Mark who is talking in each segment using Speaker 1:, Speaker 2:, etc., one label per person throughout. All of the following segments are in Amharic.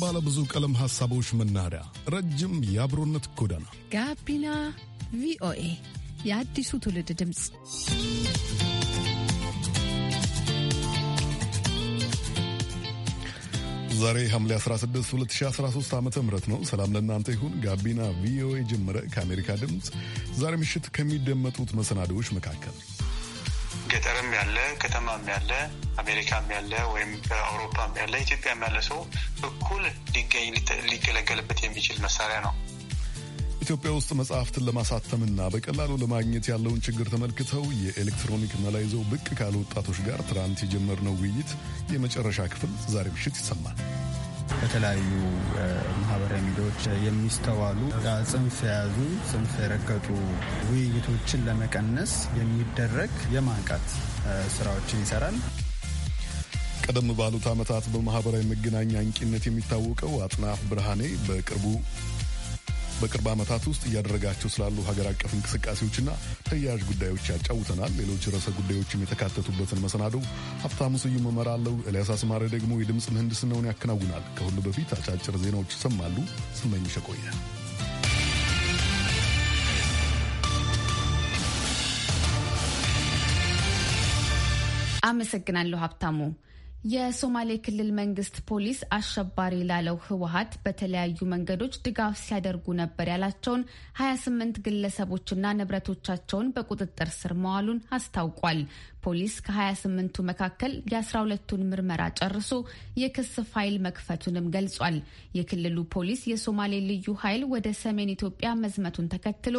Speaker 1: የባለ ብዙ ቀለም ሐሳቦች መናኸሪያ፣ ረጅም የአብሮነት ጎዳና
Speaker 2: ጋቢና ቪኦኤ የአዲሱ ትውልድ ድምፅ።
Speaker 1: ዛሬ ሐምሌ 16 2013 ዓ ም ነው። ሰላም ለእናንተ ይሁን። ጋቢና ቪኦኤ ጀመረ። ከአሜሪካ ድምፅ ዛሬ ምሽት ከሚደመጡት መሰናዶዎች መካከል
Speaker 3: ገጠርም ያለ ከተማም ያለ አሜሪካም ያለ ወይም አውሮፓም ያለ ኢትዮጵያም ያለ ሰው እኩል ሊገኝ ሊገለገልበት የሚችል መሳሪያ ነው።
Speaker 1: ኢትዮጵያ ውስጥ መጽሐፍትን ለማሳተምና በቀላሉ ለማግኘት ያለውን ችግር ተመልክተው የኤሌክትሮኒክ መላ ይዘው ብቅ ካሉ ወጣቶች ጋር ትናንት የጀመርነው ውይይት የመጨረሻ ክፍል ዛሬ ምሽት ይሰማል። በተለያዩ
Speaker 4: ማህበራዊ ሚዲያዎች የሚስተዋሉ ጽንፍ የያዙ ጽንፍ የረገጡ
Speaker 1: ውይይቶችን ለመቀነስ የሚደረግ የማንቃት ስራዎችን ይሰራል። ቀደም ባሉት ዓመታት በማህበራዊ መገናኛ አንቂነት የሚታወቀው አጥናፍ ብርሃኔ በቅርቡ በቅርብ ዓመታት ውስጥ እያደረጋቸው ስላሉ ሀገር አቀፍ እንቅስቃሴዎችና ተያያዥ ጉዳዮች ያጫውተናል። ሌሎች ርዕሰ ጉዳዮችም የተካተቱበትን መሰናዶው ሀብታሙ ስዩም እመራለሁ። ኤልያስ አስማሪ ደግሞ የድምፅ ምህንድስናውን ያከናውናል። ከሁሉ በፊት አጫጭር ዜናዎች ይሰማሉ። ስመኝሽ ቆየ።
Speaker 2: አመሰግናለሁ ሀብታሙ። የሶማሌ ክልል መንግስት ፖሊስ አሸባሪ ላለው ህወሀት በተለያዩ መንገዶች ድጋፍ ሲያደርጉ ነበር ያላቸውን 28 ግለሰቦችና ንብረቶቻቸውን በቁጥጥር ስር መዋሉን አስታውቋል። ፖሊስ ከ28ቱ መካከል የ12ቱን ምርመራ ጨርሶ የክስ ፋይል መክፈቱንም ገልጿል። የክልሉ ፖሊስ የሶማሌ ልዩ ኃይል ወደ ሰሜን ኢትዮጵያ መዝመቱን ተከትሎ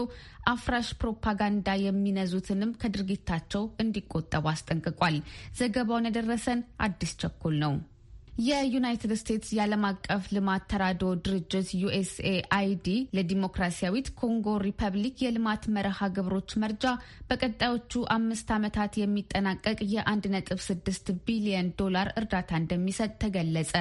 Speaker 2: አፍራሽ ፕሮፓጋንዳ የሚነዙትንም ከድርጊታቸው እንዲቆጠቡ አስጠንቅቋል። ዘገባውን የደረሰን አዲስ ቸኩል ነው። የዩናይትድ ስቴትስ የዓለም አቀፍ ልማት ተራድኦ ድርጅት ዩኤስኤ አይዲ ለዲሞክራሲያዊት ኮንጎ ሪፐብሊክ የልማት መርሃ ግብሮች መርጃ በቀጣዮቹ አምስት ዓመታት የሚጠናቀቅ የ1.6 ቢሊየን ዶላር እርዳታ እንደሚሰጥ ተገለጸ።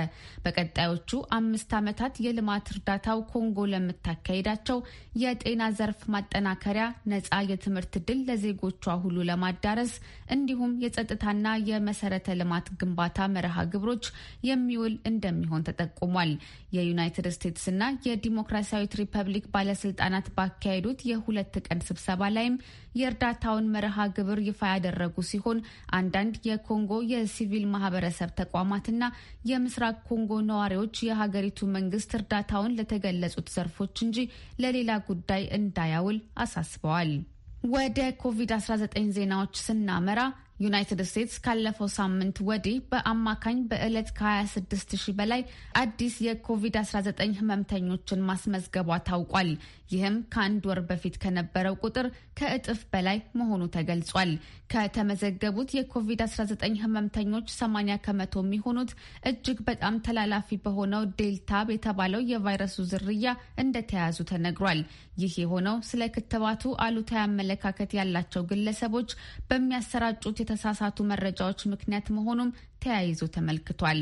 Speaker 2: በቀጣዮቹ አምስት ዓመታት የልማት እርዳታው ኮንጎ ለምታካሄዳቸው የጤና ዘርፍ ማጠናከሪያ፣ ነፃ የትምህርት ድል ለዜጎቿ ሁሉ ለማዳረስ እንዲሁም የጸጥታና የመሰረተ ልማት ግንባታ መርሃ ግብሮች የሚውል እንደሚሆን ተጠቁሟል። የዩናይትድ ስቴትስ እና የዲሞክራሲያዊት ሪፐብሊክ ባለስልጣናት ባካሄዱት የሁለት ቀን ስብሰባ ላይም የእርዳታውን መርሃ ግብር ይፋ ያደረጉ ሲሆን አንዳንድ የኮንጎ የሲቪል ማህበረሰብ ተቋማትና የምስራቅ ኮንጎ ነዋሪዎች የሀገሪቱ መንግስት እርዳታውን ለተገለጹት ዘርፎች እንጂ ለሌላ ጉዳይ እንዳያውል አሳስበዋል። ወደ ኮቪድ-19 ዜናዎች ስናመራ ዩናይትድ ስቴትስ ካለፈው ሳምንት ወዲህ በአማካኝ በዕለት ከ26 ሺህ በላይ አዲስ የኮቪድ-19 ህመምተኞችን ማስመዝገቧ ታውቋል። ይህም ከአንድ ወር በፊት ከነበረው ቁጥር ከእጥፍ በላይ መሆኑ ተገልጿል። ከተመዘገቡት የኮቪድ-19 ህመምተኞች 80 ከመቶ የሚሆኑት እጅግ በጣም ተላላፊ በሆነው ዴልታ የተባለው የቫይረሱ ዝርያ እንደተያዙ ተነግሯል። ይህ የሆነው ስለ ክትባቱ አሉታዊ አመለካከት ያላቸው ግለሰቦች በሚያሰራጩት በተሳሳቱ መረጃዎች ምክንያት መሆኑም ተያይዞ ተመልክቷል።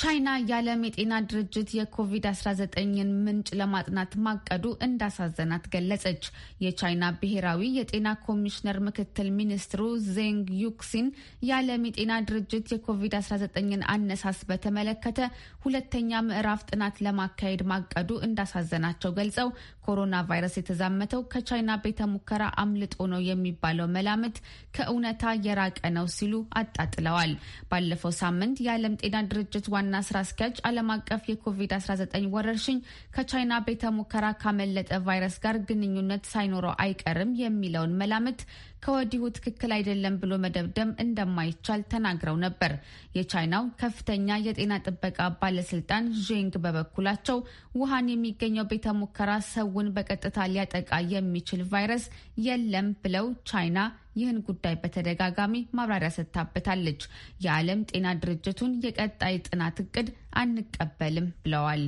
Speaker 2: ቻይና የዓለም የጤና ድርጅት የኮቪድ-19ን ምንጭ ለማጥናት ማቀዱ እንዳሳዘናት ገለጸች። የቻይና ብሔራዊ የጤና ኮሚሽነር ምክትል ሚኒስትሩ ዜንግ ዩክሲን የዓለም የጤና ድርጅት የኮቪድ-19ን አነሳስ በተመለከተ ሁለተኛ ምዕራፍ ጥናት ለማካሄድ ማቀዱ እንዳሳዘናቸው ገልጸው ኮሮና ቫይረስ የተዛመተው ከቻይና ቤተ ሙከራ አምልጦ ነው የሚባለው መላምት ከእውነታ የራቀ ነው ሲሉ አጣጥለዋል። ባለፈው ሳምንት የዓለም ጤና ድርጅት ዋና ስራ አስኪያጅ ዓለም አቀፍ የኮቪድ-19 ወረርሽኝ ከቻይና ቤተ ሙከራ ካመለጠ ቫይረስ ጋር ግንኙነት ሳይኖረው አይቀርም የሚለውን መላምት ከወዲሁ ትክክል አይደለም ብሎ መደምደም እንደማይቻል ተናግረው ነበር። የቻይናው ከፍተኛ የጤና ጥበቃ ባለስልጣን ዥንግ በበኩላቸው ውሃን የሚገኘው ቤተ ሙከራ ሰውን በቀጥታ ሊያጠቃ የሚችል ቫይረስ የለም ብለው ቻይና ይህን ጉዳይ በተደጋጋሚ ማብራሪያ ሰጥታበታለች። የዓለም ጤና ድርጅቱን የቀጣይ ጥናት እቅድ አንቀበልም ብለዋል።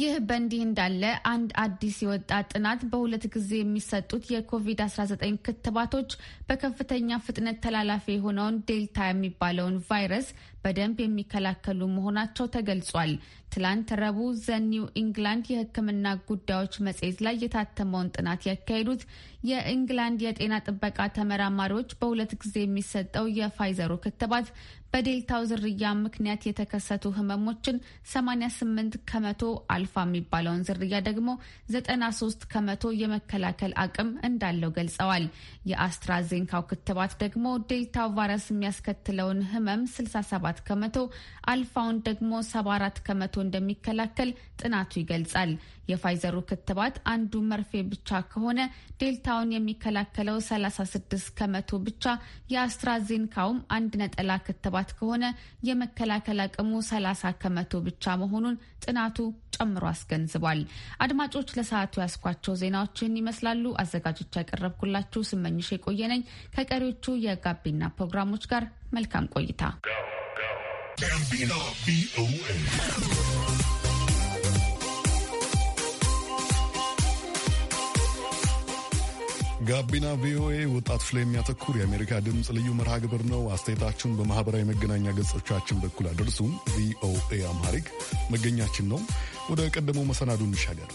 Speaker 2: ይህ በእንዲህ እንዳለ አንድ አዲስ የወጣ ጥናት በሁለት ጊዜ የሚሰጡት የኮቪድ-19 ክትባቶች በከፍተኛ ፍጥነት ተላላፊ የሆነውን ዴልታ የሚባለውን ቫይረስ በደንብ የሚከላከሉ መሆናቸው ተገልጿል። ትላንት ረቡዕ ዘኒው ኢንግላንድ የሕክምና ጉዳዮች መጽሔት ላይ የታተመውን ጥናት ያካሄዱት የኢንግላንድ የጤና ጥበቃ ተመራማሪዎች በሁለት ጊዜ የሚሰጠው የፋይዘሩ ክትባት በዴልታው ዝርያ ምክንያት የተከሰቱ ህመሞችን 88 ከመቶ አልፋ የሚባለውን ዝርያ ደግሞ 93 ከመቶ የመከላከል አቅም እንዳለው ገልጸዋል። የአስትራዜንካው ክትባት ደግሞ ዴልታው ቫይረስ የሚያስከትለውን ህመም 67 ከመቶ አልፋውን ደግሞ 74 ከመቶ እንደሚከላከል ጥናቱ ይገልጻል። የፋይዘሩ ክትባት አንዱ መርፌ ብቻ ከሆነ ዴልታውን የሚከላከለው 36 ከመቶ ብቻ፣ የአስትራዜንካውም አንድ ነጠላ ክትባት ከሆነ የመከላከል አቅሙ 30 ከመቶ ብቻ መሆኑን ጥናቱ ጨምሮ አስገንዝቧል። አድማጮች ለሰዓቱ ያስኳቸው ዜናዎችን ይመስላሉ። አዘጋጆች ያቀረብኩላችሁ ስመኝሽ የቆየነኝ ከቀሪዎቹ የጋቢና ፕሮግራሞች ጋር መልካም ቆይታ
Speaker 3: ጋቢና ቪኦኤ
Speaker 1: ጋቢና ቪኦኤ ላይ የሚያተኩር የአሜሪካ ድምፅ ልዩ መርሃ ግብር ነው። አስተያየታችሁን በማህበራዊ መገናኛ ገጾቻችን በኩል አድርሱም። ቪኦኤ አማሪክ መገኛችን ነው። ወደ ቀደመው መሰናዱ እንሻገር።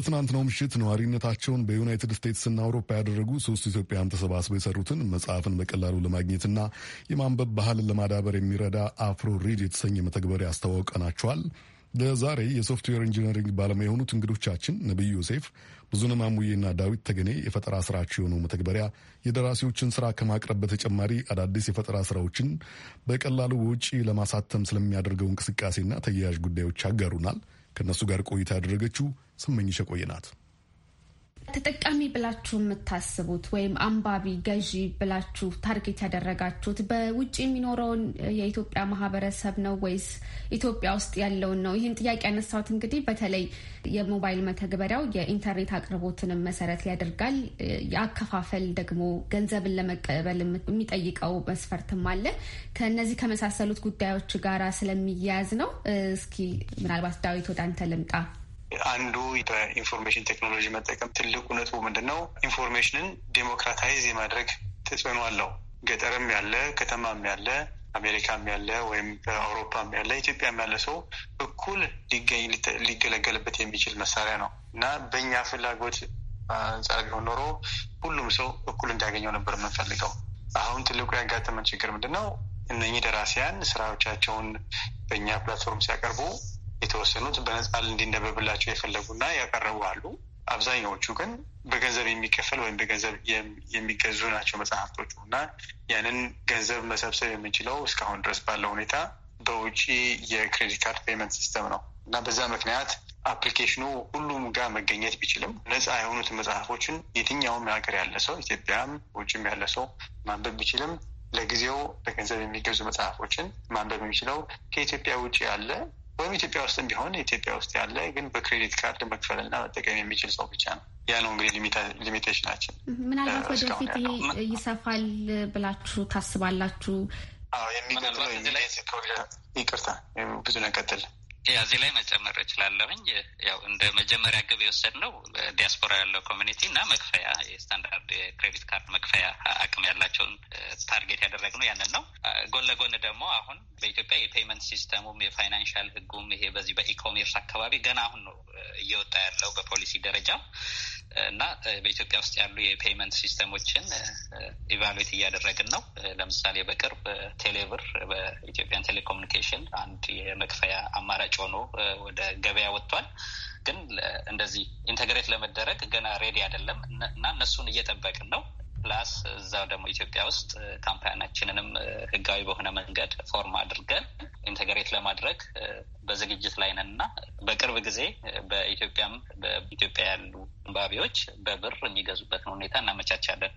Speaker 1: በትናንትናው ምሽት ነዋሪነታቸውን በዩናይትድ ስቴትስና አውሮፓ ያደረጉ ሶስት ኢትዮጵያን ተሰባስበው የሰሩትን መጽሐፍን በቀላሉ ለማግኘትና የማንበብ ባህልን ለማዳበር የሚረዳ አፍሮ ሪድ የተሰኘ መተግበሪያ አስተዋውቀናቸዋል። ለዛሬ የሶፍትዌር ኢንጂነሪንግ ባለሙያ የሆኑት እንግዶቻችን ነቢይ ዮሴፍ፣ ብዙነህ ማሙዬና ዳዊት ተገኔ የፈጠራ ስራቸው የሆነው መተግበሪያ የደራሲዎችን ስራ ከማቅረብ በተጨማሪ አዳዲስ የፈጠራ ስራዎችን በቀላሉ ውጪ ለማሳተም ስለሚያደርገው እንቅስቃሴና ተያያዥ ጉዳዮች አጋሩናል። ከእነሱ ጋር ቆይታ ያደረገችው ስመኝሸ ቆየናት።
Speaker 2: ተጠቃሚ ብላችሁ የምታስቡት ወይም አንባቢ ገዢ ብላችሁ ታርጌት ያደረጋችሁት በውጭ የሚኖረውን የኢትዮጵያ ማህበረሰብ ነው ወይስ ኢትዮጵያ ውስጥ ያለውን ነው? ይህን ጥያቄ ያነሳሁት እንግዲህ በተለይ የሞባይል መተግበሪያው የኢንተርኔት አቅርቦትንም መሰረት ያደርጋል። የአከፋፈል ደግሞ ገንዘብን ለመቀበል የሚጠይቀው መስፈርትም አለ። ከእነዚህ ከመሳሰሉት ጉዳዮች ጋራ ስለሚያያዝ ነው። እስኪ ምናልባት ዳዊት ወደ አንተ ልምጣ።
Speaker 3: አንዱ በኢንፎርሜሽን ቴክኖሎጂ መጠቀም ትልቁ ነጥቡ ምንድን ነው? ኢንፎርሜሽንን ዴሞክራታይዝ የማድረግ ተጽዕኖ አለው። ገጠርም ያለ ከተማም ያለ አሜሪካም ያለ ወይም አውሮፓም ያለ ኢትዮጵያም ያለ ሰው እኩል ሊገኝ ሊገለገልበት የሚችል መሳሪያ ነው እና በእኛ ፍላጎት አንጻር ቢሆን ኖሮ ሁሉም ሰው እኩል እንዲያገኘው ነበር የምንፈልገው። አሁን ትልቁ ያጋጠመን ችግር ምንድን ነው? እነኚህ ደራሲያን ስራዎቻቸውን በእኛ ፕላትፎርም ሲያቀርቡ የተወሰኑት በነጻ እንዲነበብላቸው የፈለጉና ያቀረቡ አሉ። አብዛኛዎቹ ግን በገንዘብ የሚከፈል ወይም በገንዘብ የሚገዙ ናቸው መጽሐፍቶቹ እና ያንን ገንዘብ መሰብሰብ የምንችለው እስካሁን ድረስ ባለው ሁኔታ በውጪ የክሬዲት ካርድ ፔመንት ሲስተም ነው እና በዛ ምክንያት አፕሊኬሽኑ ሁሉም ጋር መገኘት ቢችልም ነጻ የሆኑትን መጽሐፎችን የትኛውም ሀገር ያለ ሰው ኢትዮጵያም ውጭም ያለ ሰው ማንበብ ቢችልም ለጊዜው በገንዘብ የሚገዙ መጽሐፎችን ማንበብ የሚችለው ከኢትዮጵያ ውጭ ያለ ወይም ኢትዮጵያ ውስጥም ቢሆን ኢትዮጵያ ውስጥ ያለ ግን በክሬዲት ካርድ መክፈል መክፈልና መጠቀም የሚችል ሰው ብቻ ነው። ያ ነው
Speaker 2: እንግዲህ ሊሚቴሽናችን። ምናልባት ወደፊት ይሄ ይሰፋል ብላችሁ ታስባላችሁ?
Speaker 5: የሚቀጥለው ይቅርታ ብዙ ነቀጥል እዚህ ላይ መጨመር እችላለሁኝ። ያው እንደ መጀመሪያ ግብ ነው ዲያስፖራ ያለው ኮሚኒቲ እና መክፈያ የስታንዳርድ የክሬዲት ካርድ መክፈያ አቅም ያላቸውን ታርጌት ያደረግነው ያንን ነው። ጎን ለጎን ደግሞ አሁን በኢትዮጵያ የፔይመንት ሲስተሙም የፋይናንሻል ህጉም ይሄ በዚህ በኢኮሜርስ አካባቢ ገና አሁን ነው እየወጣ ያለው በፖሊሲ ደረጃ እና በኢትዮጵያ ውስጥ ያሉ የፔይመንት ሲስተሞችን ኢቫሉዌት እያደረግን ነው። ለምሳሌ በቅርብ ቴሌብር በኢትዮጵያን ቴሌኮሙኒኬሽን አንድ የመክፈያ አማራጭ ሽያጭ ሆኖ ወደ ገበያ ወጥቷል። ግን እንደዚህ ኢንተግሬት ለመደረግ ገና ሬዲ አይደለም እና እነሱን እየጠበቅን ነው። ፕላስ እዛ ደግሞ ኢትዮጵያ ውስጥ ካምፓናችንንም ህጋዊ በሆነ መንገድ ፎርም አድርገን ኢንተግሬት ለማድረግ በዝግጅት ላይ ነን እና በቅርብ ጊዜ በኢትዮጵያም በኢትዮጵያ ያሉ አንባቢዎች በብር የሚገዙበትን ሁኔታ እናመቻቻለን።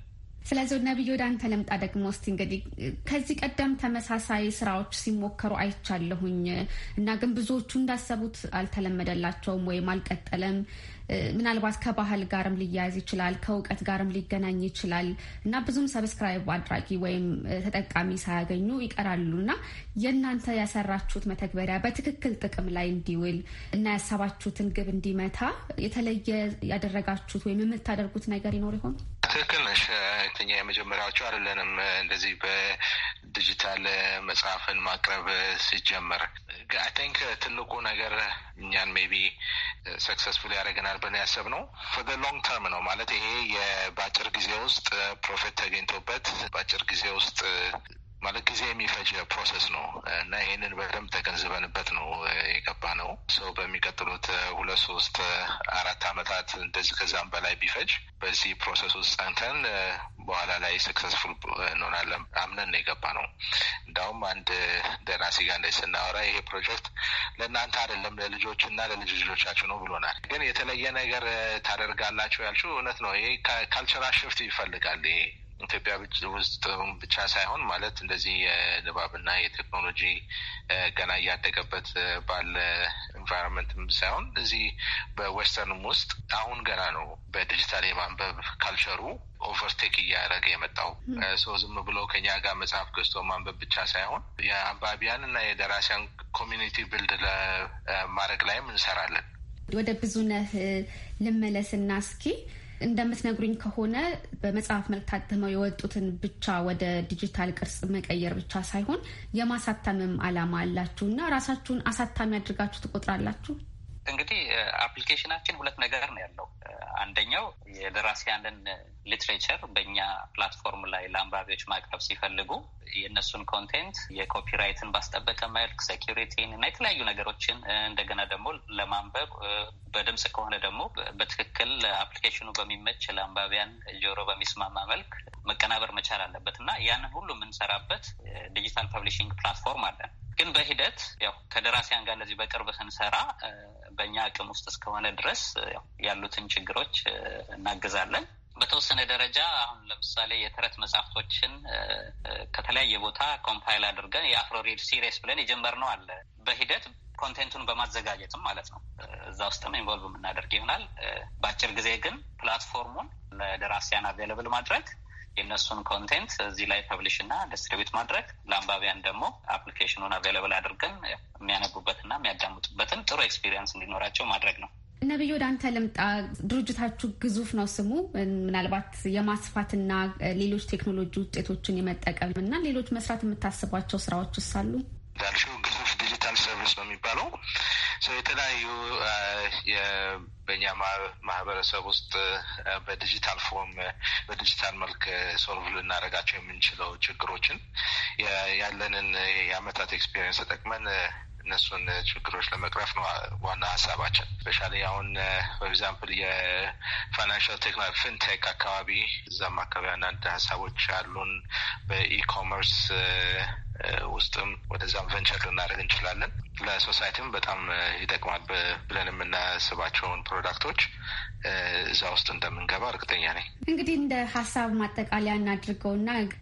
Speaker 2: ስለዚህ ወደ ወደ አንተ ልምጣ። ደግሞ እስቲ እንግዲህ ከዚህ ቀደም ተመሳሳይ ስራዎች ሲሞከሩ አይቻለሁኝ እና ግን ብዙዎቹ እንዳሰቡት አልተለመደላቸውም ወይም አልቀጠለም። ምናልባት ከባህል ጋርም ሊያያዝ ይችላል፣ ከእውቀት ጋርም ሊገናኝ ይችላል እና ብዙም ሰብስክራይብ አድራጊ ወይም ተጠቃሚ ሳያገኙ ይቀራሉ እና የእናንተ ያሰራችሁት መተግበሪያ በትክክል ጥቅም ላይ እንዲውል እና ያሰባችሁትን ግብ እንዲመታ የተለየ ያደረጋችሁት ወይም የምታደርጉት ነገር ይኖር ይሆን?
Speaker 6: ትክክል ነሽ። እኛ የመጀመሪያዎቹ አይደለንም። እንደዚህ በዲጂታል መጽሐፍን ማቅረብ ሲጀመር አይ ቲንክ ትልቁ ነገር እኛን ሜቢ ሰክሰስፉል ያደረገናል ብለን ያሰብነው ፎር ሎንግ ተርም ነው ማለት ይሄ በአጭር ጊዜ ውስጥ ፕሮፊት ተገኝቶበት በአጭር ጊዜ ውስጥ ማለት ጊዜ የሚፈጅ ፕሮሰስ ነው እና ይህንን በደንብ ተገንዝበንበት ነው የገባ ነው። ሰው በሚቀጥሉት ሁለት ሶስት አራት አመታት እንደዚህ ከዛም በላይ ቢፈጅ በዚህ ፕሮሰስ ውስጥ ጸንተን በኋላ ላይ ሰክሰስፉል እንሆናለን አምነን ነው የገባ ነው። እንዳውም አንድ ደራሲ ጋር እንደ ስናወራ ይሄ ፕሮጀክት ለእናንተ አይደለም ለልጆች እና ለልጅ ልጆቻችሁ ነው ብሎናል። ግን የተለየ ነገር ታደርጋላችሁ ያልችው እውነት ነው። ይሄ ካልቸራል ሽፍት ይፈልጋል ይሄ ኢትዮጵያ ውስጥ ብቻ ሳይሆን ማለት እንደዚህ የንባብና የቴክኖሎጂ ገና እያደገበት ባለ ኢንቫይሮንመንትም ሳይሆን እዚህ በዌስተርንም ውስጥ አሁን ገና ነው በዲጂታል የማንበብ ካልቸሩ ኦቨርቴክ እያደረገ የመጣው ሰው ዝም ብሎ ከኛ ጋር መጽሐፍ ገዝቶ ማንበብ ብቻ ሳይሆን የአንባቢያን እና የደራሲያን ኮሚኒቲ ብልድ ማድረግ ላይም እንሰራለን።
Speaker 2: ወደ ብዙነህ ልመለስና እስኪ እንደምትነግሩኝ ከሆነ በመጽሐፍ መልክ ታትመው የወጡትን ብቻ ወደ ዲጂታል ቅርጽ መቀየር ብቻ ሳይሆን የማሳተምም ዓላማ አላችሁ እና ራሳችሁን አሳታሚ አድርጋችሁ ትቆጥራላችሁ?
Speaker 5: እንግዲህ አፕሊኬሽናችን ሁለት ነገር ነው ያለው። አንደኛው የደራሲያንን ሊትሬቸር በእኛ ፕላትፎርም ላይ ለአንባቢዎች ማቅረብ ሲፈልጉ የእነሱን ኮንቴንት የኮፒራይትን ባስጠበቀ መልክ ሴኪሪቲን እና የተለያዩ ነገሮችን እንደገና ደግሞ ለማንበብ በድምፅ ከሆነ ደግሞ በትክክል አፕሊኬሽኑ በሚመች ለአንባቢያን ጆሮ በሚስማማ መልክ መቀናበር መቻል አለበት እና ያንን ሁሉ የምንሰራበት ዲጂታል ፐብሊሽንግ ፕላትፎርም አለን። ግን በሂደት ያው ከደራሲያን ጋር ለዚህ በቅርብ ስንሰራ በእኛ አቅም ውስጥ እስከሆነ ድረስ ያሉትን ችግሮች እናግዛለን። በተወሰነ ደረጃ አሁን ለምሳሌ የተረት መጽሐፍቶችን ከተለያየ ቦታ ኮምፓይል አድርገን የአፍሮሪድ ሲሪስ ብለን የጀመርነው አለ። በሂደት ኮንቴንቱን በማዘጋጀትም ማለት ነው። እዛ ውስጥም ኢንቮልቭ የምናደርግ ይሆናል። በአጭር ጊዜ ግን ፕላትፎርሙን ለደራሲያን አቬለብል ማድረግ የእነሱን ኮንቴንት እዚህ ላይ ፐብሊሽ እና ዲስትሪቢዩት ማድረግ ለአንባቢያን ደግሞ አፕሊኬሽኑን አቬለብል አድርገን የሚያነቡበትና የሚያዳምጡበትን ጥሩ ኤክስፒሪየንስ እንዲኖራቸው ማድረግ ነው።
Speaker 2: ነብዩ ወደ አንተ ልምጣ። ድርጅታችሁ ግዙፍ ነው ስሙ። ምናልባት የማስፋትና ሌሎች ቴክኖሎጂ ውጤቶችን የመጠቀም እና ሌሎች መስራት የምታስቧቸው ስራዎች አሉ?
Speaker 7: እንዳልሽው ግዙፍ ዲጂታል ሰርቪስ ነው የሚባለው ሰው
Speaker 6: የተለያዩ በእኛ ማህበረሰብ ውስጥ በዲጂታል ፎርም በዲጂታል መልክ ሶልቭ ልናደርጋቸው የምንችለው ችግሮችን ያለንን የአመታት ኤክስፔሪንስ ተጠቅመን እነሱን ችግሮች ለመቅረፍ ነው ዋና ሀሳባችን። ስፔሻሊ አሁን ኤግዛምፕል የፋይናንሽል ቴክኖ ፊንቴክ አካባቢ እዛም አካባቢ አንዳንድ ሀሳቦች ያሉን በኢኮመርስ ውስጥም ወደዛም ቨንቸር ልናደርግ እንችላለን። ለሶሳይቲም በጣም ይጠቅማል ብለን የምናስባቸውን ፕሮዳክቶች እዛ ውስጥ እንደምንገባ እርግጠኛ
Speaker 2: ነኝ። እንግዲህ እንደ ሀሳብ ማጠቃለያ ና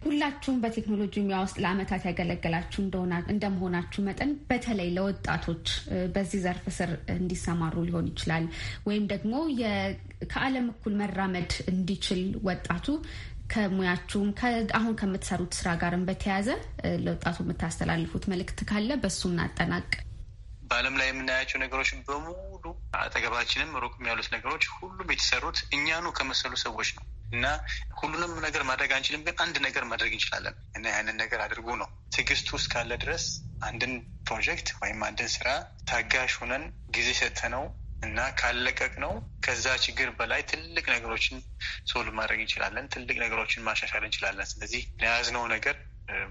Speaker 2: ሁላችሁም በቴክኖሎጂ ሙያ ውስጥ ለአመታት ያገለገላችሁ እንደመሆናችሁ መጠን በተለይ ለወጣቶች በዚህ ዘርፍ ስር እንዲሰማሩ ሊሆን ይችላል ወይም ደግሞ ከዓለም እኩል መራመድ እንዲችል ወጣቱ ከሙያችሁም አሁን ከምትሰሩት ስራ ጋርም በተያያዘ ለወጣቱ የምታስተላልፉት መልእክት ካለ በሱ እናጠናቅ።
Speaker 3: በዓለም ላይ የምናያቸው ነገሮች በሙሉ አጠገባችንም ሩቅም ያሉት ነገሮች ሁሉም የተሰሩት እኛኑ ከመሰሉ ሰዎች ነው እና ሁሉንም ነገር ማድረግ አንችልም፣ ግን አንድ ነገር ማድረግ እንችላለን እና ያንን ነገር አድርጉ ነው። ትዕግስቱ እስካለ ድረስ አንድን ፕሮጀክት ወይም አንድን ስራ ታጋሽ ሆነን ጊዜ ሰጥተነው እና ካለቀቅ ነው ከዛ ችግር በላይ ትልቅ ነገሮችን ሶልቭ ማድረግ እንችላለን። ትልቅ ነገሮችን ማሻሻል እንችላለን። ስለዚህ የያዝነው ነገር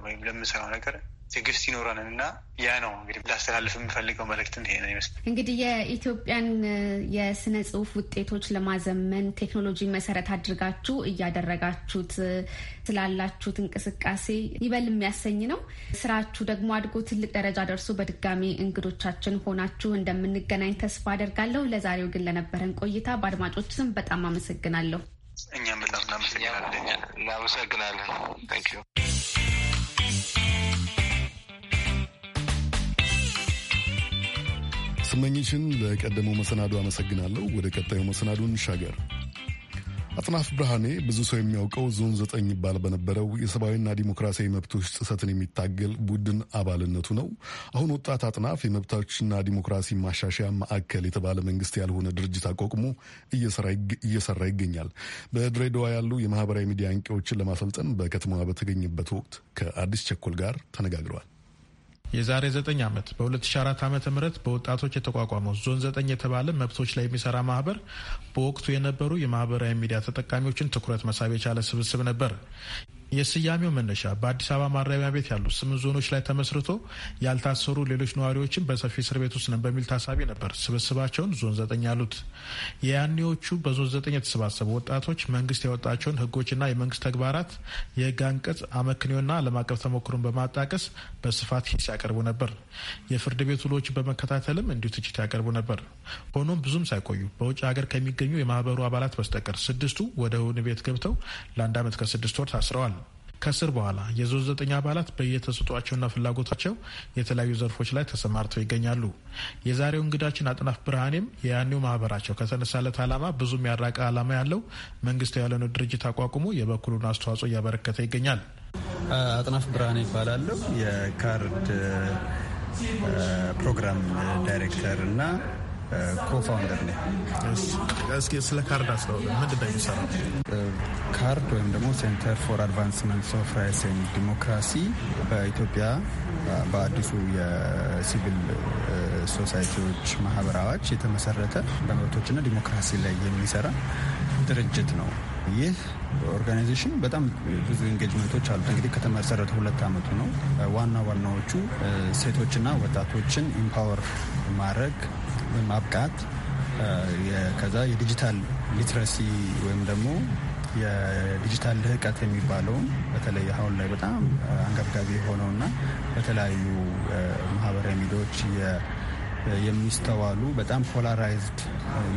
Speaker 3: ወይም ለምንሰራው ነገር ትግስት ይኖረንን እና ያ ነው እንግዲህ ላስተላልፍ የምፈልገው መልእክት ይሄ ነው ይመስል።
Speaker 2: እንግዲህ የኢትዮጵያን የስነ ጽሁፍ ውጤቶች ለማዘመን ቴክኖሎጂ መሰረት አድርጋችሁ እያደረጋችሁት ስላላችሁት እንቅስቃሴ ይበል የሚያሰኝ ነው። ስራችሁ ደግሞ አድጎ ትልቅ ደረጃ ደርሶ በድጋሚ እንግዶቻችን ሆናችሁ እንደምንገናኝ ተስፋ አደርጋለሁ። ለዛሬው ግን ለነበረን ቆይታ በአድማጮች ስም በጣም አመሰግናለሁ።
Speaker 3: እኛም በጣም እናመሰግናለን። እናመሰግናለን።
Speaker 1: ስመኝችን ለቀደመው መሰናዶ አመሰግናለሁ። ወደ ቀጣዩ መሰናዶ እንሻገር። አጥናፍ ብርሃኔ ብዙ ሰው የሚያውቀው ዞን ዘጠኝ ይባል በነበረው የሰብአዊና ዲሞክራሲያዊ መብቶች ጥሰትን የሚታገል ቡድን አባልነቱ ነው። አሁን ወጣት አጥናፍ የመብቶችና ዲሞክራሲ ማሻሻያ ማዕከል የተባለ መንግስት ያልሆነ ድርጅት አቋቁሞ እየሰራ ይገኛል። በድሬዳዋ ያሉ የማህበራዊ ሚዲያ አንቂዎችን ለማሰልጠን በከተማዋ በተገኘበት ወቅት ከአዲስ ቸኮል ጋር ተነጋግረዋል።
Speaker 7: የዛሬ 9 ዓመት በ2004 ዓ ም በወጣቶች የተቋቋመው ዞን 9 የተባለ መብቶች ላይ የሚሰራ ማህበር በወቅቱ የነበሩ የማህበራዊ ሚዲያ ተጠቃሚዎችን ትኩረት መሳብ የቻለ ስብስብ ነበር። የስያሜው መነሻ በአዲስ አበባ ማረሚያ ቤት ያሉ ስምንት ዞኖች ላይ ተመስርቶ ያልታሰሩ ሌሎች ነዋሪዎችን በሰፊ እስር ቤት ውስጥ ነን በሚል ታሳቢ ነበር ስብስባቸውን ዞን ዘጠኝ ያሉት። የያኔዎቹ በዞን ዘጠኝ የተሰባሰቡ ወጣቶች መንግስት ያወጣቸውን ህጎችና የመንግስት ተግባራት የህግ አንቀጽ አመክንዮና ዓለም አቀፍ ተሞክሮን በማጣቀስ በስፋት ሂስ ያቀርቡ ነበር። የፍርድ ቤት ውሎችን በመከታተልም እንዲሁ ትችት ያቀርቡ ነበር። ሆኖም ብዙም ሳይቆዩ በውጭ ሀገር ከሚገኙ የማህበሩ አባላት በስተቀር ስድስቱ ወደ ወህኒ ቤት ገብተው ለአንድ ዓመት ከስድስት ወር ታስረዋል። ከስር በኋላ የዞን ዘጠኝ አባላት በየተሰጧቸውና ፍላጎታቸው የተለያዩ ዘርፎች ላይ ተሰማርተው ይገኛሉ። የዛሬው እንግዳችን አጥናፍ ብርሃኔም የያኔው ማህበራቸው ከተነሳለት ዓላማ ብዙም ያራቀ ዓላማ ያለው መንግስት ያለነ ድርጅት አቋቁሞ የበኩሉን አስተዋጽኦ እያበረከተ ይገኛል።
Speaker 4: አጥናፍ ብርሃኔ ይባላለሁ። የካርድ ፕሮግራም ዳይሬክተር እና ኮፋውንደር ነ እስኪ ስለ ካርድ አስታወቅ። ምንድን ነው የሚሰራው? ካርድ ወይም ደግሞ ሴንተር ፎር አድቫንስመንት ኦፍ ራይትስ ኤንድ ዲሞክራሲ በኢትዮጵያ በአዲሱ የሲቪል ሶሳይቲዎች ማህበር አዋጅ የተመሰረተ በመብቶችና ዲሞክራሲ ላይ የሚሰራ ድርጅት ነው። ይህ ኦርጋናይዜሽን በጣም ብዙ ኢንጌጅመንቶች አሉት። እንግዲህ ከተመሰረተ ሁለት ዓመቱ ነው። ዋና ዋናዎቹ ሴቶችና ወጣቶችን ኢምፓወር ማድረግ ማብቃት ከዛ የዲጂታል ሊትረሲ ወይም ደግሞ የዲጂታል ልህቀት የሚባለውን በተለይ አሁን ላይ በጣም አንገብጋቢ የሆነውና በተለያዩ ማህበራዊ ሚዲያዎች የሚስተዋሉ በጣም ፖላራይዝድ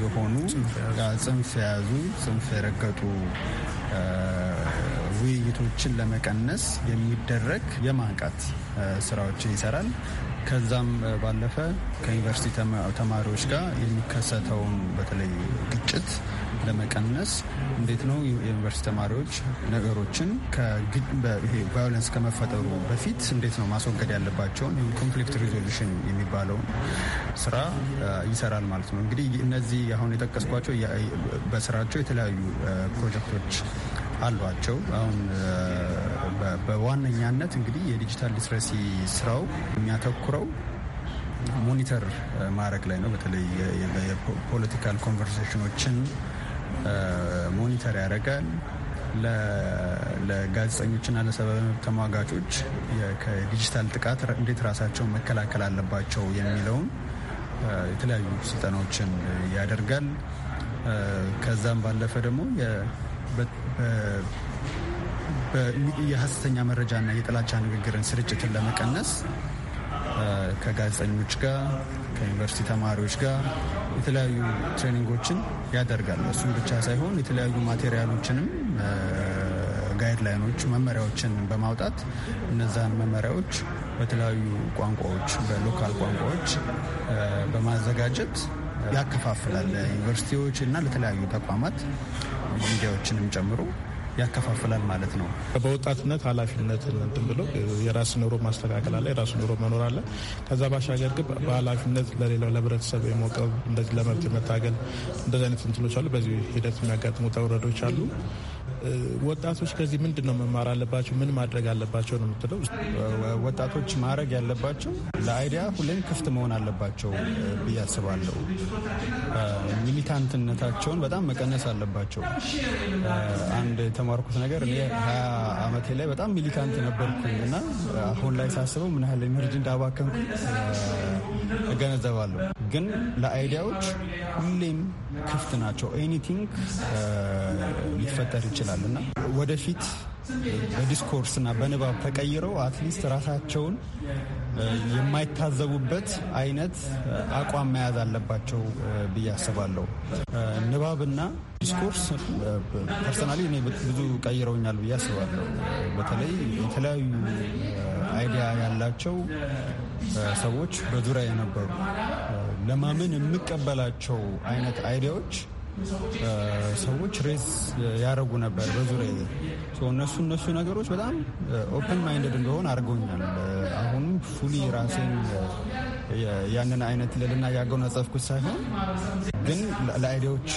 Speaker 4: የሆኑ ጽንፍ የያዙ ጽንፍ የረገጡ ውይይቶችን ለመቀነስ የሚደረግ የማንቃት ስራዎችን ይሰራል። ከዛም ባለፈ ከዩኒቨርሲቲ ተማሪዎች ጋር የሚከሰተውን በተለይ ግጭት ለመቀነስ እንዴት ነው የዩኒቨርሲቲ ተማሪዎች ነገሮችን ቫዮለንስ ከመፈጠሩ በፊት እንዴት ነው ማስወገድ ያለባቸውን ኮንፍሊክት ሪዞሉሽን የሚባለውን ስራ ይሰራል ማለት ነው። እንግዲህ እነዚህ አሁን የጠቀስኳቸው በስራቸው የተለያዩ ፕሮጀክቶች አሏቸው። አሁን በዋነኛነት እንግዲህ የዲጂታል ሊትረሲ ስራው የሚያተኩረው ሞኒተር ማድረግ ላይ ነው። በተለይ የፖለቲካል ኮንቨርሴሽኖችን ሞኒተር ያደርጋል። ለጋዜጠኞችና ለሰብአዊ መብት ተሟጋቾች ከዲጂታል ጥቃት እንዴት ራሳቸውን መከላከል አለባቸው የሚለውን የተለያዩ ስልጠናዎችን ያደርጋል። ከዛም ባለፈ ደግሞ የሀሰተኛ መረጃና የጥላቻ ንግግርን ስርጭትን ለመቀነስ ከጋዜጠኞች ጋር ከዩኒቨርሲቲ ተማሪዎች ጋር የተለያዩ ትሬኒንጎችን ያደርጋል። እሱም ብቻ ሳይሆን የተለያዩ ማቴሪያሎችንም ጋይድላይኖች፣ መመሪያዎችን በማውጣት እነዛን መመሪያዎች በተለያዩ ቋንቋዎች፣ በሎካል ቋንቋዎች በማዘጋጀት ያከፋፍላል። ዩኒቨርሲቲዎች እና ለተለያዩ ተቋማት ሚዲያዎችንም ጨምሮ ያከፋፍላል ማለት ነው።
Speaker 7: በወጣትነት ኃላፊነት እንትን ብሎ የራስ ኑሮ ማስተካከል አለ፣ የራስ ኑሮ መኖር አለ። ከዛ ባሻገር ግን በኃላፊነት ለሌላው ለህብረተሰብ የሞቀብ እንደዚህ ለመብት መታገል እንደዚህ አይነት እንትኖች አሉ። በዚህ ሂደት የሚያጋጥሙ ተውረዶች አሉ።
Speaker 4: ወጣቶች ከዚህ ምንድን ነው መማር አለባቸው፣ ምን ማድረግ አለባቸው ነው የምትለው? ወጣቶች ማድረግ ያለባቸው ለአይዲያ ሁሌም ክፍት መሆን አለባቸው ብዬ አስባለሁ። ሚሊታንትነታቸውን በጣም መቀነስ አለባቸው። አንድ የተማርኩት ነገር እኔ ሀያ ዓመቴ ላይ በጣም ሚሊታንት ነበርኩ እና አሁን ላይ ሳስበው ምን ያህል ኢነርጂ እንዳባከንኩ እገነዘባለሁ። ግን ለአይዲያዎች ሁሌም ክፍት ናቸው። ኤኒቲንግ uh, ሊፈጠር ይችላል እና ወደፊት በዲስኮርስ እና በንባብ ተቀይረው አትሊስት ራሳቸውን
Speaker 2: uh,
Speaker 4: የማይታዘቡበት አይነት uh, አቋም መያዝ አለባቸው ብዬ አስባለሁ። ንባብና ዲስኮርስ ፐርሰናሊ እኔ ብዙ ቀይረውኛል ብዬ አስባለሁ። በተለይ የተለያዩ አይዲያ ያላቸው ሰዎች በዙሪያ የነበሩ ለማመን የምቀበላቸው አይነት አይዲያዎች ሰዎች ሬስ ያደረጉ ነበር በዙሪያ እነሱ እነሱ ነገሮች በጣም ኦፕን ማይንደድ እንደሆን አድርገውኛል። አሁንም ፉሊ ራሴን ያንን አይነት ልልና ያጎናጸፍኩት ሳይሆን ግን ለአይዲያዎች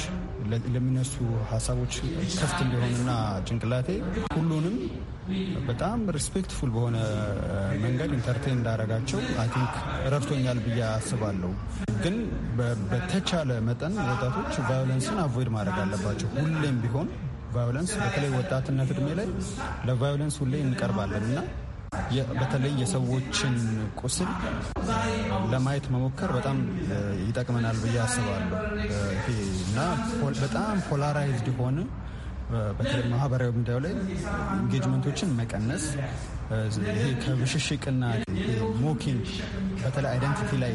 Speaker 4: ለሚነሱ ሀሳቦች ክፍት እንዲሆንና ጭንቅላቴ ሁሉንም በጣም ሪስፔክትፉል በሆነ መንገድ ኢንተርቴን እንዳረጋቸው አይ ቲንክ ረድቶኛል ብዬ አስባለሁ። ግን በተቻለ መጠን ወጣቶች ቫዮለንስን አቮይድ ማድረግ አለባቸው። ሁሌም ቢሆን ቫዮለንስ በተለይ ወጣትነት እድሜ ላይ ለቫዮለንስ ሁሌ እንቀርባለን እና በተለይ የሰዎችን ቁስል ለማየት መሞከር በጣም ይጠቅመናል ብዬ አስባለሁ። እና በጣም ፖላራይዝድ የሆነ በተለይ ማህበራዊ ጉዳዩ ላይ ኢንጌጅመንቶችን መቀነስ ይሄ ከብሽሽቅና ሞኪን በተለይ አይደንቲቲ ላይ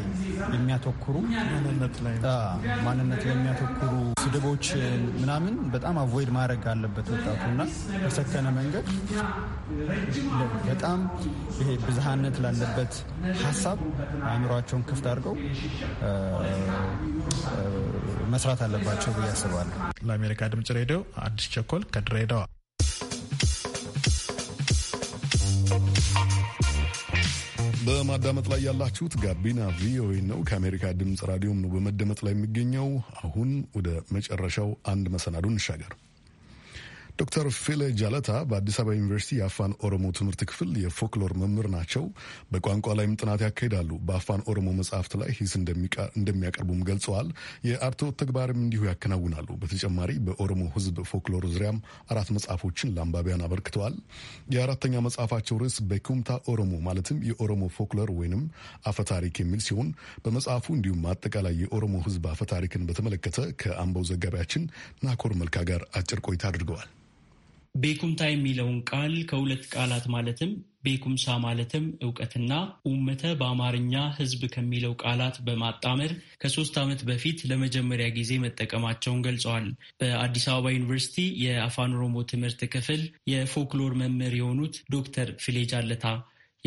Speaker 4: የሚያተኩሩ ማንነት ላይ የሚያተኩሩ ስድቦች ምናምን በጣም አቮይድ ማድረግ አለበት ወጣቱና በሰከነ መንገድ በጣም ይሄ ብዝሃነት ላለበት ሀሳብ አእምሯቸውን ክፍት አድርገው መስራት አለባቸው ብዬ አስባለሁ። ለአሜሪካ ድምጽ ሬዲዮ አዲስ ቸኮል
Speaker 7: ከድሬዳዋ።
Speaker 1: በማዳመጥ ላይ ያላችሁት ጋቢና ቪኦኤ ነው። ከአሜሪካ ድምፅ ራዲዮም ነው በመደመጥ ላይ የሚገኘው። አሁን ወደ መጨረሻው አንድ መሰናዱ እንሻገር። ዶክተር ፌሌ ጃለታ በአዲስ አበባ ዩኒቨርሲቲ የአፋን ኦሮሞ ትምህርት ክፍል የፎክሎር መምህር ናቸው። በቋንቋ ላይም ጥናት ያካሂዳሉ። በአፋን ኦሮሞ መጽሐፍት ላይ ሂስ እንደሚያቀርቡም ገልጸዋል። የአርትዖት ተግባርም እንዲሁ ያከናውናሉ። በተጨማሪ በኦሮሞ ሕዝብ ፎክሎር ዙሪያም አራት መጽሐፎችን ለአንባቢያን አበርክተዋል። የአራተኛ መጽሐፋቸው ርዕስ በኩምታ ኦሮሞ ማለትም የኦሮሞ ፎክሎር ወይንም አፈታሪክ የሚል ሲሆን በመጽሐፉ እንዲሁም አጠቃላይ የኦሮሞ ሕዝብ አፈታሪክን በተመለከተ ከአምባው ዘጋቢያችን ናኮር መልካ ጋር አጭር ቆይታ አድርገዋል።
Speaker 8: ቤኩምታ የሚለውን ቃል ከሁለት ቃላት ማለትም ቤኩምሳ ማለትም እውቀትና ኡመተ በአማርኛ ሕዝብ ከሚለው ቃላት በማጣመር ከሶስት ዓመት በፊት ለመጀመሪያ ጊዜ መጠቀማቸውን ገልጸዋል። በአዲስ አበባ ዩኒቨርሲቲ የአፋን ኦሮሞ ትምህርት ክፍል የፎክሎር መምህር የሆኑት ዶክተር አለታ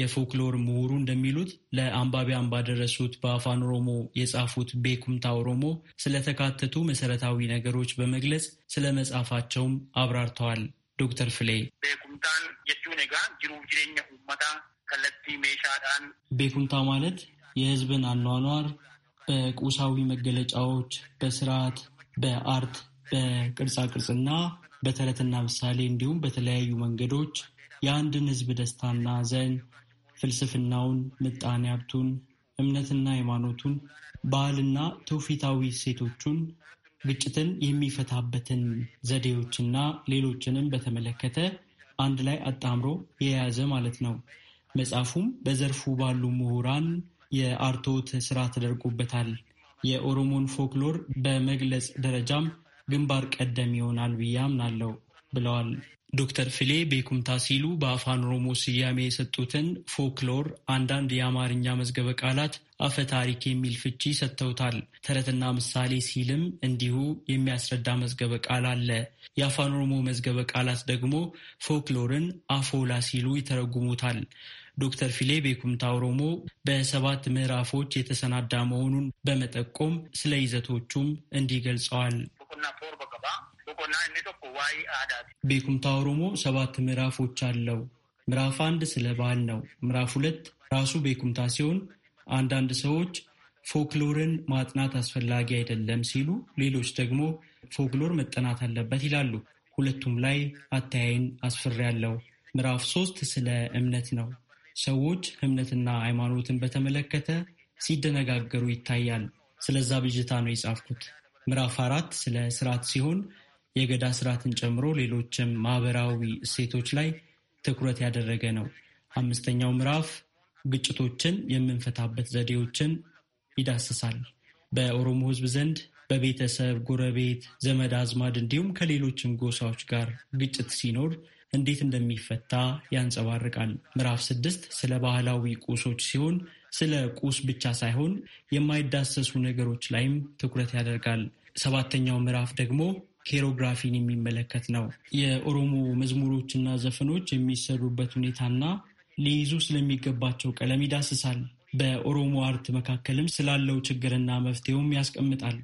Speaker 8: የፎክሎር ምሁሩ እንደሚሉት ለአንባቢያን ባደረሱት በአፋን ኦሮሞ የጻፉት ቤኩምታ ኦሮሞ ስለተካተቱ መሰረታዊ ነገሮች በመግለጽ ስለ መጻፋቸውም አብራርተዋል። ዶክተር ፍሌ ቤኩምታን
Speaker 3: ጀቹን ጋ ጅሩፍ ጅሬኛ
Speaker 8: ኡመታ ከለቲ ሜሻዳን ቤኩምታ ማለት የህዝብን አኗኗር በቁሳዊ መገለጫዎች፣ በስርዓት፣ በአርት፣ በቅርጻቅርጽና በተረትና ምሳሌ እንዲሁም በተለያዩ መንገዶች የአንድን ህዝብ ደስታና ዘን ፍልስፍናውን፣ ምጣኔ ሀብቱን፣ እምነትና ሃይማኖቱን፣ ባህልና ትውፊታዊ ሴቶቹን ግጭትን የሚፈታበትን ዘዴዎችና ሌሎችንም በተመለከተ አንድ ላይ አጣምሮ የያዘ ማለት ነው። መጽሐፉም በዘርፉ ባሉ ምሁራን የአርቶት ስራ ተደርጎበታል። የኦሮሞን ፎክሎር በመግለጽ ደረጃም ግንባር ቀደም ይሆናል ብዬ አምናለሁ ብለዋል ዶክተር ፍሌ ቤኩምታ ሲሉ በአፋን ኦሮሞ ስያሜ የሰጡትን ፎክሎር አንዳንድ የአማርኛ መዝገበ ቃላት አፈ ታሪክ የሚል ፍቺ ሰጥተውታል። ተረትና ምሳሌ ሲልም እንዲሁ የሚያስረዳ መዝገበ ቃል አለ። የአፋን ኦሮሞ መዝገበ ቃላት ደግሞ ፎክሎርን አፎላ ሲሉ ይተረጉሙታል። ዶክተር ፊሌ ቤኩምታ ኦሮሞ በሰባት ምዕራፎች የተሰናዳ መሆኑን በመጠቆም ስለ ይዘቶቹም እንዲህ ገልጸዋል። ቤኩምታ ኦሮሞ ሰባት ምዕራፎች አለው። ምዕራፍ አንድ ስለ ባህል ነው። ምዕራፍ ሁለት ራሱ ቤኩምታ ሲሆን አንዳንድ ሰዎች ፎክሎርን ማጥናት አስፈላጊ አይደለም ሲሉ፣ ሌሎች ደግሞ ፎክሎር መጠናት አለበት ይላሉ። ሁለቱም ላይ አተያይን ያለው። ምዕራፍ ሶስት ስለ እምነት ነው። ሰዎች እምነትና ሃይማኖትን በተመለከተ ሲደነጋገሩ ይታያል። ስለዛ ብዥታ ነው የጻፍኩት። ምዕራፍ አራት ስለ ስርዓት ሲሆን የገዳ ስርዓትን ጨምሮ ሌሎችም ማህበራዊ እሴቶች ላይ ትኩረት ያደረገ ነው። አምስተኛው ምዕራፍ ግጭቶችን የምንፈታበት ዘዴዎችን ይዳስሳል። በኦሮሞ ህዝብ ዘንድ በቤተሰብ፣ ጎረቤት፣ ዘመድ አዝማድ እንዲሁም ከሌሎችም ጎሳዎች ጋር ግጭት ሲኖር እንዴት እንደሚፈታ ያንጸባርቃል። ምዕራፍ ስድስት ስለ ባህላዊ ቁሶች ሲሆን ስለ ቁስ ብቻ ሳይሆን የማይዳሰሱ ነገሮች ላይም ትኩረት ያደርጋል። ሰባተኛው ምዕራፍ ደግሞ ኬሮግራፊን የሚመለከት ነው። የኦሮሞ መዝሙሮችና ዘፈኖች የሚሰሩበት ሁኔታና ሊይዙ ስለሚገባቸው ቀለም ይዳስሳል። በኦሮሞ አርት መካከልም ስላለው ችግርና መፍትሄውም ያስቀምጣል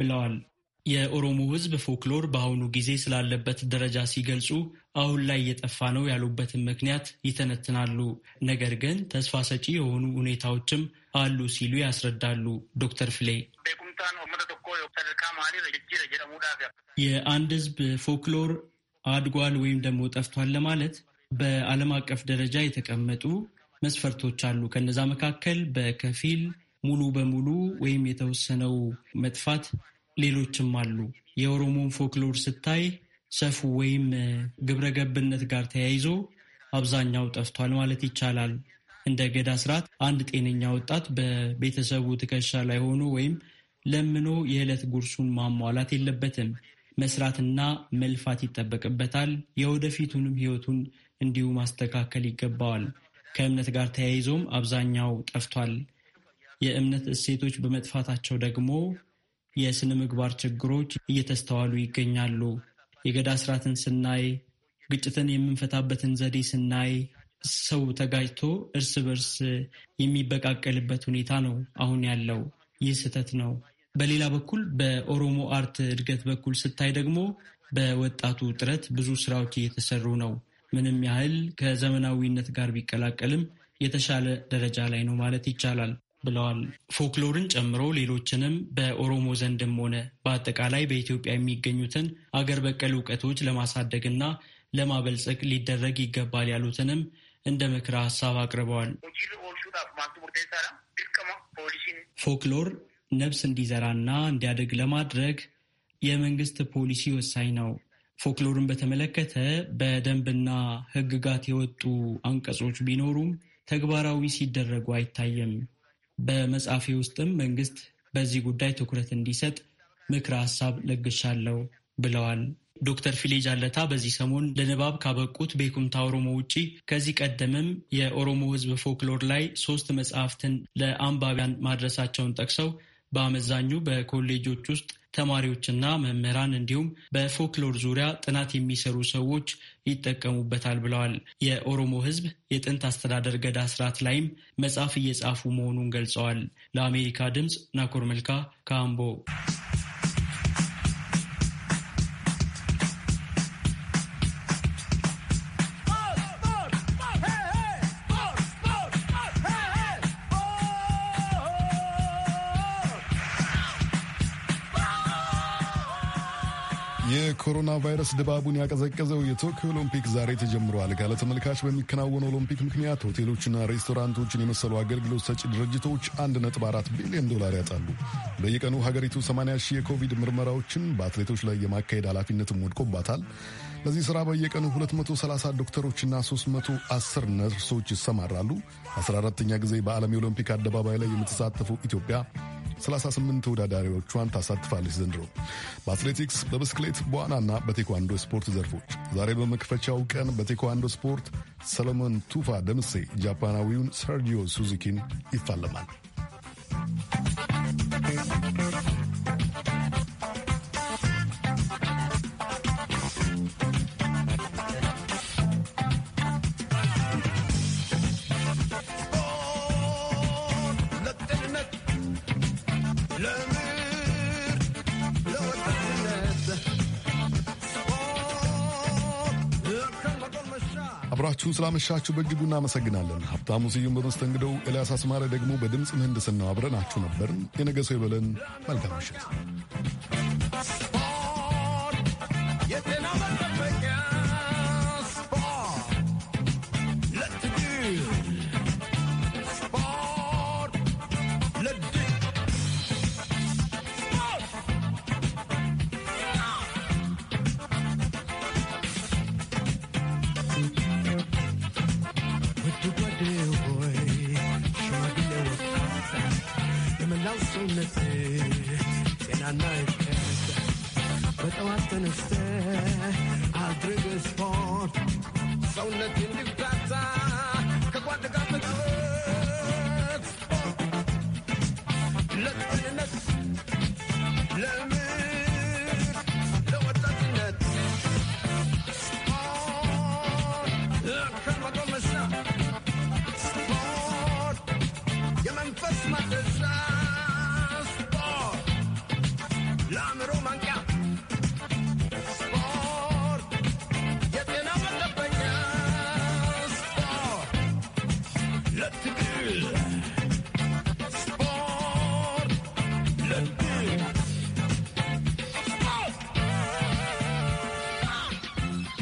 Speaker 8: ብለዋል። የኦሮሞ ሕዝብ ፎክሎር በአሁኑ ጊዜ ስላለበት ደረጃ ሲገልጹ አሁን ላይ እየጠፋ ነው ያሉበትን ምክንያት ይተነትናሉ። ነገር ግን ተስፋ ሰጪ የሆኑ ሁኔታዎችም አሉ ሲሉ ያስረዳሉ ዶክተር ፍሌ የአንድ ህዝብ ፎክሎር አድጓል ወይም ደግሞ ጠፍቷል ለማለት በዓለም አቀፍ ደረጃ የተቀመጡ መስፈርቶች አሉ። ከነዛ መካከል በከፊል ሙሉ በሙሉ ወይም የተወሰነው መጥፋት ሌሎችም አሉ። የኦሮሞን ፎክሎር ስታይ ሰፉ ወይም ግብረ ገብነት ጋር ተያይዞ አብዛኛው ጠፍቷል ማለት ይቻላል። እንደ ገዳ ስርዓት አንድ ጤነኛ ወጣት በቤተሰቡ ትከሻ ላይ ሆኖ ወይም ለምኖ የዕለት ጉርሱን ማሟላት የለበትም። መስራትና መልፋት ይጠበቅበታል። የወደፊቱንም ህይወቱን እንዲሁ ማስተካከል ይገባዋል። ከእምነት ጋር ተያይዞም አብዛኛው ጠፍቷል። የእምነት እሴቶች በመጥፋታቸው ደግሞ የስነ ምግባር ችግሮች እየተስተዋሉ ይገኛሉ። የገዳ ስርዓትን ስናይ፣ ግጭትን የምንፈታበትን ዘዴ ስናይ፣ ሰው ተጋጭቶ እርስ በርስ የሚበቃቀልበት ሁኔታ ነው አሁን ያለው። ይህ ስህተት ነው። በሌላ በኩል በኦሮሞ አርት እድገት በኩል ስታይ ደግሞ በወጣቱ ጥረት ብዙ ስራዎች እየተሰሩ ነው። ምንም ያህል ከዘመናዊነት ጋር ቢቀላቀልም የተሻለ ደረጃ ላይ ነው ማለት ይቻላል ብለዋል። ፎክሎርን ጨምሮ ሌሎችንም በኦሮሞ ዘንድም ሆነ በአጠቃላይ በኢትዮጵያ የሚገኙትን አገር በቀል እውቀቶች ለማሳደግ እና ለማበልጸግ ሊደረግ ይገባል ያሉትንም እንደ ምክረ ሀሳብ አቅርበዋል። ፎክሎር ነፍስ እንዲዘራና እንዲያደግ ለማድረግ የመንግስት ፖሊሲ ወሳኝ ነው። ፎክሎርን በተመለከተ በደንብና ህግጋት የወጡ አንቀጾች ቢኖሩም ተግባራዊ ሲደረጉ አይታይም። በመጽሐፌ ውስጥም መንግስት በዚህ ጉዳይ ትኩረት እንዲሰጥ ምክረ ሀሳብ ለግሻለሁ ብለዋል። ዶክተር ፊሌ ጃለታ በዚህ ሰሞን ለንባብ ካበቁት ቤኩምታ ኦሮሞ ውጪ ከዚህ ቀደምም የኦሮሞ ህዝብ ፎክሎር ላይ ሶስት መጽሐፍትን ለአንባቢያን ማድረሳቸውን ጠቅሰው በአመዛኙ በኮሌጆች ውስጥ ተማሪዎችና መምህራን እንዲሁም በፎክሎር ዙሪያ ጥናት የሚሰሩ ሰዎች ይጠቀሙበታል ብለዋል። የኦሮሞ ሕዝብ የጥንት አስተዳደር ገዳ ስርዓት ላይም መጽሐፍ እየጻፉ መሆኑን ገልጸዋል። ለአሜሪካ ድምፅ ናኮር መልካ ካምቦ
Speaker 1: የኮሮና ቫይረስ ድባቡን ያቀዘቀዘው የቶኪዮ ኦሎምፒክ ዛሬ ተጀምሯል። ካለ ተመልካች በሚከናወነው ኦሎምፒክ ምክንያት ሆቴሎችና ሬስቶራንቶችን የመሰሉ አገልግሎት ሰጪ ድርጅቶች 1.4 ቢሊዮን ዶላር ያጣሉ። በየቀኑ ሀገሪቱ 80 ሺህ የኮቪድ ምርመራዎችን በአትሌቶች ላይ የማካሄድ ኃላፊነትም ወድቆባታል። ለዚህ ሥራ በየቀኑ 230 ዶክተሮችና 310 ነርሶች ይሰማራሉ። 14ተኛ ጊዜ በዓለም የኦሎምፒክ አደባባይ ላይ የምትሳተፈው ኢትዮጵያ 38 ተወዳዳሪዎቿን ታሳትፋለች ዘንድሮ በአትሌቲክስ፣ በብስክሌት፣ በዋናና በቴኳንዶ ስፖርት ዘርፎች። ዛሬ በመክፈቻው ቀን በቴኳንዶ ስፖርት ሰለሞን ቱፋ ደምሴ ጃፓናዊውን ሰርጂዮ ሱዙኪን ይፋለማል። አብራችሁን ስላመሻችሁ በእጅጉ እናመሰግናለን። ሀብታሙ ስዩም በመስተንግደው፣ ኤልያስ አስማሪ ደግሞ በድምፅ ምህንድስናው አብረናችሁ ነበርን። የነገ ሰው ይበለን። መልካም ምሽት።
Speaker 7: boy ሽማግሌው ሰውነት
Speaker 1: ጤናና በጠዋት ተነስተ አድርግ ስፖርት ሰውነት እንዲብቃታ ከጓደጋ መጣወ